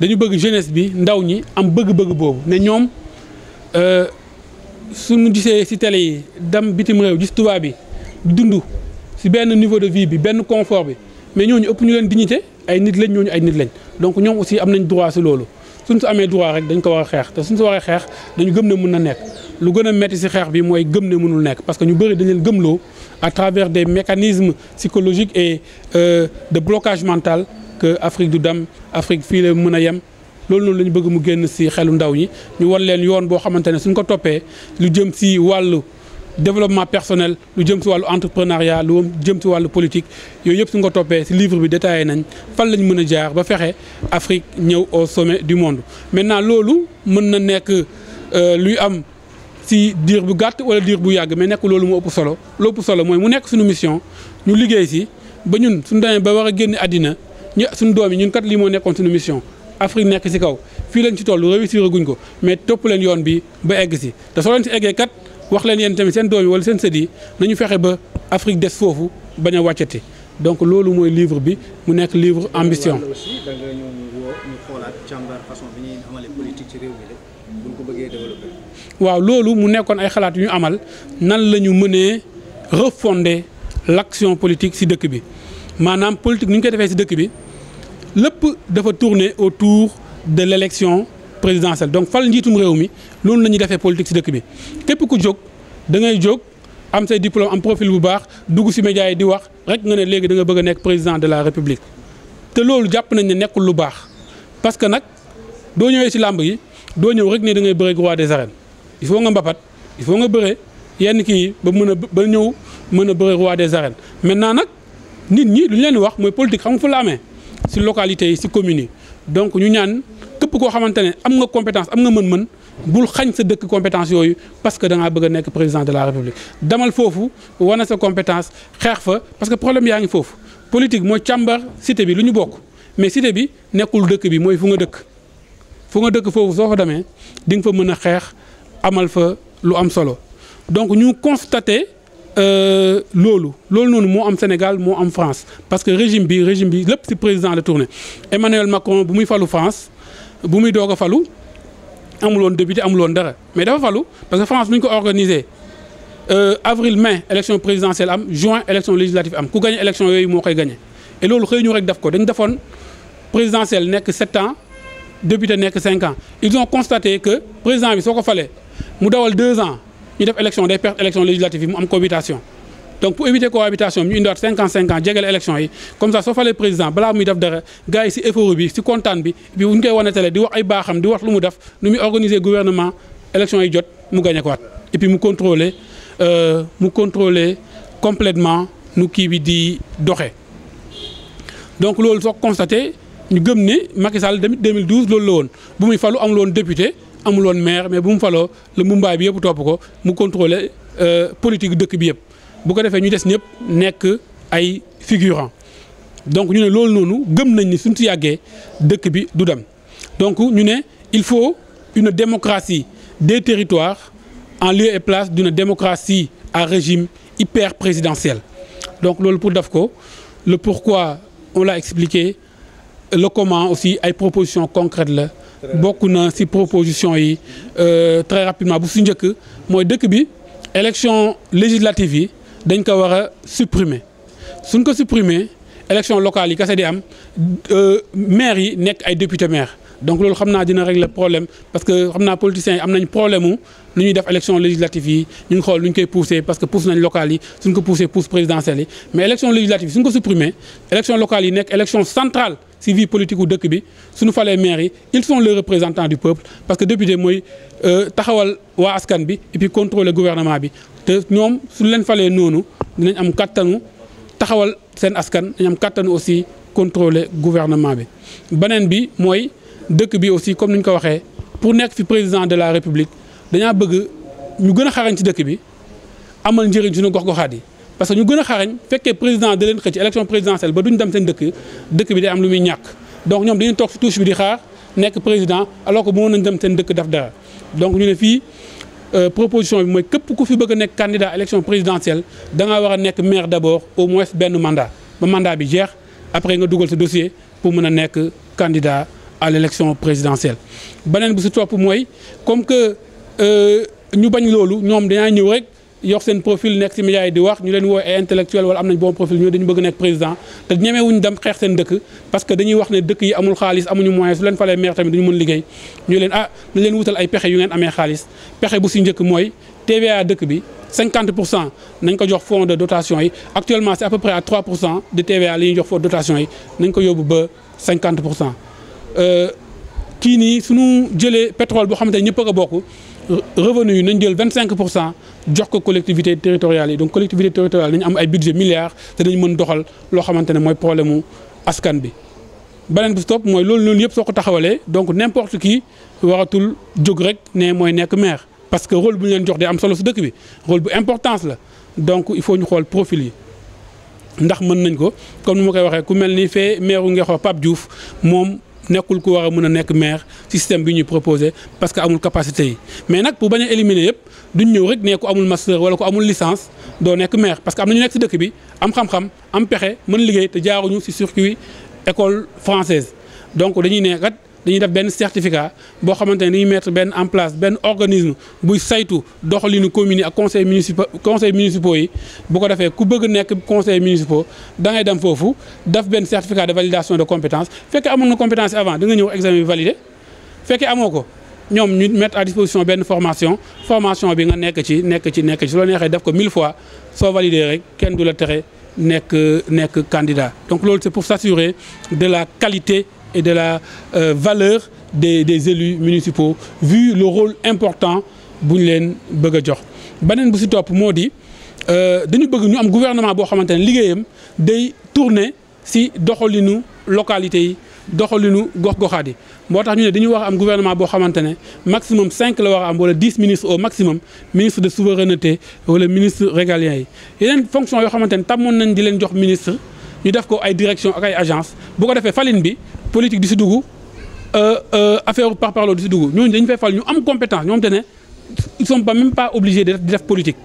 dañu bëgg jeunesse bi ndaw ñi am bëgg-bëgg boobu ne ñoom euh, suñu gisee ci télé yi dam bitim réew gis tubaab bi dundu ci benn niveau de vie bi benn confort bi mais ñooñu ëpp ñu leen dignité ay nit lañ ñooñu ay nit lañ donc ñoom aussi am nañ droit ci loolu suñ su amee droit rek dañ ko war a xeex te suñ su war a xeex dañu gëm ne mën na nekk lu gën a metti si xeex bi mooy gëm ne mënul nekk parce que ñu bëri dañ leen gëmloo à travers des mécanismes psychologiques et euh, de blocage mental que Afrique du dem Afrique fii la mën a yem loolu noonu la ñu bëgg mu génn si xelu ndaw yi ñu war leen yoon boo xamante ne suñ ko toppee lu jëm si wàll développement personnel lu jëm si wàllu entrepreneuriat lu jëm si wàllu politique yooyu yëpp su ko toppee si livre bi détaillé nañ fan lañ mën a jaar ba fexe Afrique ñëw au sommet du monde maintenant loolu mën na nekk euh, luy am si diir bu gàtt wala diir bu yàgg may nekk loolu moo ëpp solo lu ëpp solo mooy mu nekk sunu mission ñu liggéey si ba ñun suñu demee ba war a génn àddina ñu suñu doom yi ñun kat lii moo nekkoon suñu mission Afrique nekk si kaw fii lañ ci toll réussir ko mais topp leen yoon bi ba egg si wax leen yéen tamit seen doom yi wala seen sët yi nañu fexe ba Afrique des foofu bañ a wàccati donc loolu mooy livre bi mu nekk livre ambition. waaw loolu mu nekkoon ay xalaat yu ñu amal nan la ñu mënee refonder l' action politique ci dëkk bi maanaam politique ni ñu koy defee ci dëkk bi lépp dafa tourner autour de l' présidentielle donc fal njiitum réew mi loolu la ñuy defee politique ci dëkk bi képp ku jóg dangay jóg am say diplôme am profil bu baax dugg si média yi di wax rek nga ne léegi da bëgg a nekk président de la république te loolu jàpp nañ ne nekkul lu baax parce que nag doo ñëwee si làmb yi doo ñëw rek ne da ngay bëre roi des arènes il faut nga mbapat il faut nga bëre yenn kii ba mën a ba ñëw mën a bëre roi des arènes maintenant nag nit ñi lu ñu leen wax mooy politique xam nga fa localité yi si communes yi képp koo xamante ne am compétence am nga mën-mën bul xañ sa dëkk compétence yooyu parce que da bëgg nekk président de la république demal foofu wane sa compétence xeex fa parce que problème yaa ngi foofu politique mooy càmbar cité bi lu ñu bokk mais cité bi nekkul dëkk bi mooy fu nga dëkk fu nga dëkk foofu soo fa demee di nga fa mën a xeex amal fa lu am solo donc ñu constaté euh, loolu loolu noonu moo am Sénégal moo am France parce que régime bi régime bi lépp ci président la tourné Emmanuel Macron bu muy falu France bu muy doo a falu amuloon député amuloon dara mais dafa falu parce que France nu ñu ko organisé euh, avril mai élection présidentielle am juin élection législative am ku gagné élection yooyu moo koy gagné. et loolu xëy ñu rek def ko dañ defoon présidentielle nekk 7 ans député nekk 5 ans ils ont constaté que président bi soo ko falee mu dawal 2 ans ñu def élection day perte élection législative yi mu am cohabitation. donc pour éviter cohabitation bi ñu indiwaat cinquante cinquante jegele élection yi comme ça soo falee président balaa muy def dara gars yi si effort bi si kontaan bi bi bu ñu koy wane télé di wax ay baaxam di wax lu mu def nu muy organiser gouvernement élection yi jot mu gagné ko waat et puis mu contrôler euh, mu contrôler complètement nu kii bi di doxe donc loolu soo constaté ñu gëm ne Macky Sall tamit 2012 loolu la woon bu muy falu amul woon député amuloon woon mais bu mu faloo la mumbaay bi yëpp topp ko mu contrôler euh, politique dëkk bi yëpp. bu ko defee ñu des ñëpp nekk ay figurant donc ñu ne loolu noonu gëm nañ ni suñ si yàggee dëkk bi du dem donc ñu ne il faut une démocratie des territoires en lieu et place d'une démocratie à régime hyper présidentiel donc loolu pour def ko le pourquoi on l'a expliqué le comment aussi ay propositions concrètes la bokk na si proposition yi euh, très rapidement bu su njëkk mooy dëkk bi élection législative yi dañ ko war a supprimer suñ ko supprimer élection locale yi kese di am euh, maire yi nekk ay député maire donc loolu xam naa dina régler problème parce que xam naa politiciens yi am nañ problème mu nu ñuy def élection législative yi ñu ngi xool nu ñu koy poussé parce que pousse nañ locales yi suñ ko poussé pousse présidentielle yi mais élection législative yi suñ ko supprimer élection locale yi nekk élection centrale si vie politique gu dëkk bi suñu falee maire yi ils sont les représentant du peuple parce que député mooy euh, taxawal waa askan bi et puis gouvernement bi te ñoom suñu leen falee noonu dinañ am kattanu taxawal seen askan dinañ am kattanu aussi contrôler gouvernement bi beneen bi mooy dëkk bi aussi comme ni ñu ko waxee pour nekk fi président de la république dañaa bëgg ñu gën a xarañ ci dëkk bi amal njëriñ suñu gox-goxaat yi parce que ñu gën a xarañ fekkee président da leen xëcc élection présidentielle ba duñ dem seen dëkk dëkk bi day am lu muy ñàkk donc ñoom dañuy toog si touche bi di xaar nekk président alors que mënoon nañ dem seen dëkk daf dara donc ñu ne fii euh, proposition bi mooy képp ku fi bëgg a nekk candidat élection présidentielle da ngaa war a nekk maire d'abord au moins benn mandat ba mandat bi jeex après nga dugal sa dossier pour mën a nekk candidat à l'élection présidentielle. beneen bu si topp mooy comme que euh, ñu bañ loolu ñoom dañaa ñëw rek. yox seen profil nekk ci médias yi di wax ñu leen woy ay intellectuel wala am nañ bon profil ñoo dañu bëgg nekk président te ñemewuñu dem xeex seen dëkk parce que dañuy wax ne dëkk yi amul xaalis amuñu moyen su leen falee maire tamit duñu mën liggéey ñu leen ah ñu leen wutal ay pexe yu ngeen amee xaalis pexe bu si njëkk mooy TVA dëkk bi 50 pour cent nañ ko jox fonds de dotation yi actuellement c'est à peu près à 3 pour cent de TVA li jox fonds dotation yi nañ ko yóbbu ba 50 pour cent euh, kii nii suñu jëlee pétrole boo xamante ne ñëpp a bokk revenu yi nañ jël vingt cinq pour cent jox ko collectivité territoriales yi donc collectivité territoriale nañu am ay budget milliards te dañu mën doxal loo xamante ne mooy problème askan bi beneen bi topp mooy loolu noonu yëpp soo ko taxawalee donc n'importe qui waratul jóg rek ne mooy nekk maire parce rôle bu ñu leen jox day am solo su dëkk bi rôle bu importance la donc il faut ñu xool profil yi ndax mën nañ ko comme ni ma koy waxee ku mel ni fee maire wu Pape nekkul ko war a mën a nekk maire système bi ñuy proposé parce que amul capacité yi mais nag pour bañ a éliminer yëpp duñ ñëw rek nee ko amul master wala ko amul licence doo nekk maire parce que am na ñu nekk si dëkk bi am xam-xam am pexe mën liggéey te jaaruñu si circuit école française donc dañuy ne kat dañuy def benn certificat boo xamante ne dañuy mettre benn en place benn organisme buy saytu doxalinu commune yi ak conseil municipal conseil municipaux yi bu ko defee ku bëgg nekk conseil municipaux da ngay dem foofu def benn certificat de validation de compétence fekk amoon na compétence avant da nga ñëw examen bi validé fekkee amoo ko ñoom ñu mettre à disposition benn formation formation bi nga nekk ci nekk ci nekk ci su la neexee def ko mille fois soo validé rek kenn du la tere nekk nekk candidat donc loolu c'est pour s'assurer de et de la euh, valeur des des élus municipaux vu le rôle important bu ñu leen bëgg a jox. beneen bu si topp moo di euh, dañu bëgg ñu am gouvernement boo xamante ne liggéeyam day tourner si doxalinu localité yi doxalinu gox-goxaat yi moo tax ñu ne dañu wax am gouvernement boo xamante ne maximum cinq la wax a am wala dix ministres au maximum ministre de souveraineté wala ministre régalien yi yeneen fonction yoo xamante tam tàmmoon nañ di leen jox ministre. ñu def ko ay direction ak ay agence bu ko defee falin bi politique di si dugg euh, euh, affaire par parlo di si dugg ñooñu dañu fay fal ñu am compétence ñoom te ne ils ba pas même pas obligés di def politique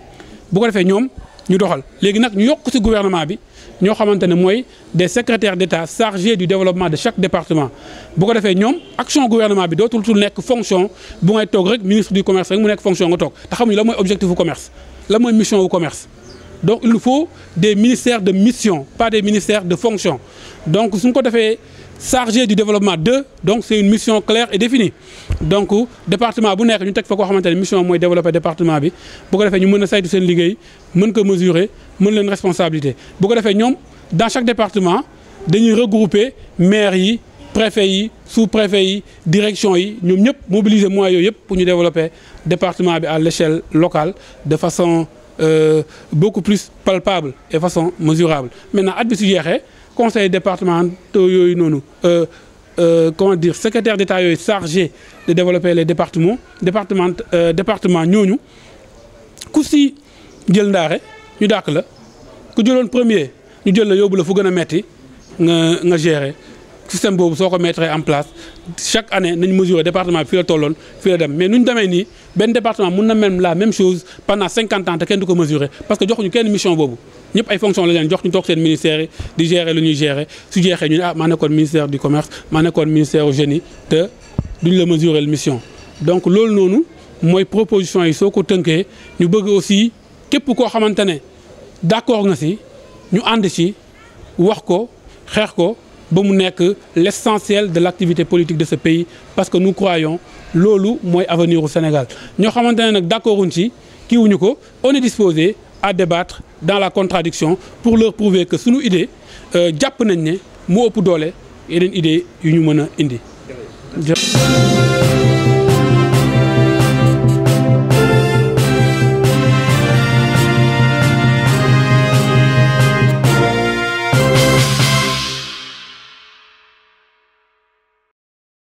bu ko defee ñoom ñu doxal léegi nag ñu yokk si gouvernement bi ñoo xamante ne mooy des secrétaires d'État chargés du développement de chaque département bu ko defee ñoom action gouvernement bi dootul tul nekk fonction bu ngay toog rek ministre du commerce rek mu nekk fonction nga toog la mooy objectif wu commerce la mission wu donc il nous faut des ministère de mission pas des ministères de fonction donc su ko defee chargé du développement 2 donc c' une mission claire et définie donc département bu nekk ñu teg fa ko xamante ne mission moy développer département bi bu ko defee ñu mën a saytu seen liggéey mën ko mesurer mën leen responsabilité bu ko defee ñoom dans chaque département dañuy regrouper maire yi préfet yi sous préfet yi direction yi ñoom ñëpp mobiliser moyens yooyu yëpp pour ñu développer département bi à l' échelle locale Euh, beaucoup plus palpable et façon mesurable maintenant at bi su jeexee conseil départementaux yooyu noonu euh, euh, comment dire secrétaire d'état yooyu chargé de développer les départements département département ñooñu ku si jël ndaare ñu dàq la ku jëloon premier ñu jël la yóbbu la fu gën a metti nga nga gérer système boobu soo ko mettre en place chaque année nañ mesurer département bi fii la tolloon fii la dem mais nu ñu demee nii benn département mun na mel la même chose pendant cinquante ans te kenn du ko mesurer parce que joxuñu kenn mission boobu ñëpp ay fonction la leen jox ñu toog seen ministère di gérer lu ñuy su jeexee ñu ne ah maa nekkoon ministère du commerce maa nekkoon ministère jeune te duñ la mesurer mission. donc loolu noonu mooy proposition yi soo ko tënkee ñu bëgg aussi képp koo xamante ne d'accord nga si ñu ànd si wax ko. ba mu nekk l' essentiel de l' activité politique de ce pays parce que nous croyons loolu mooy avenir au Sénégal ñoo xamante ne nag d' accorduñ ci kiiwuñu ko on est disposé à débattre dans la contradiction pour leur prouver que suñu idée euh, jàpp nañ ne moo ëpp doole yeneen idée yu ñu mën a indi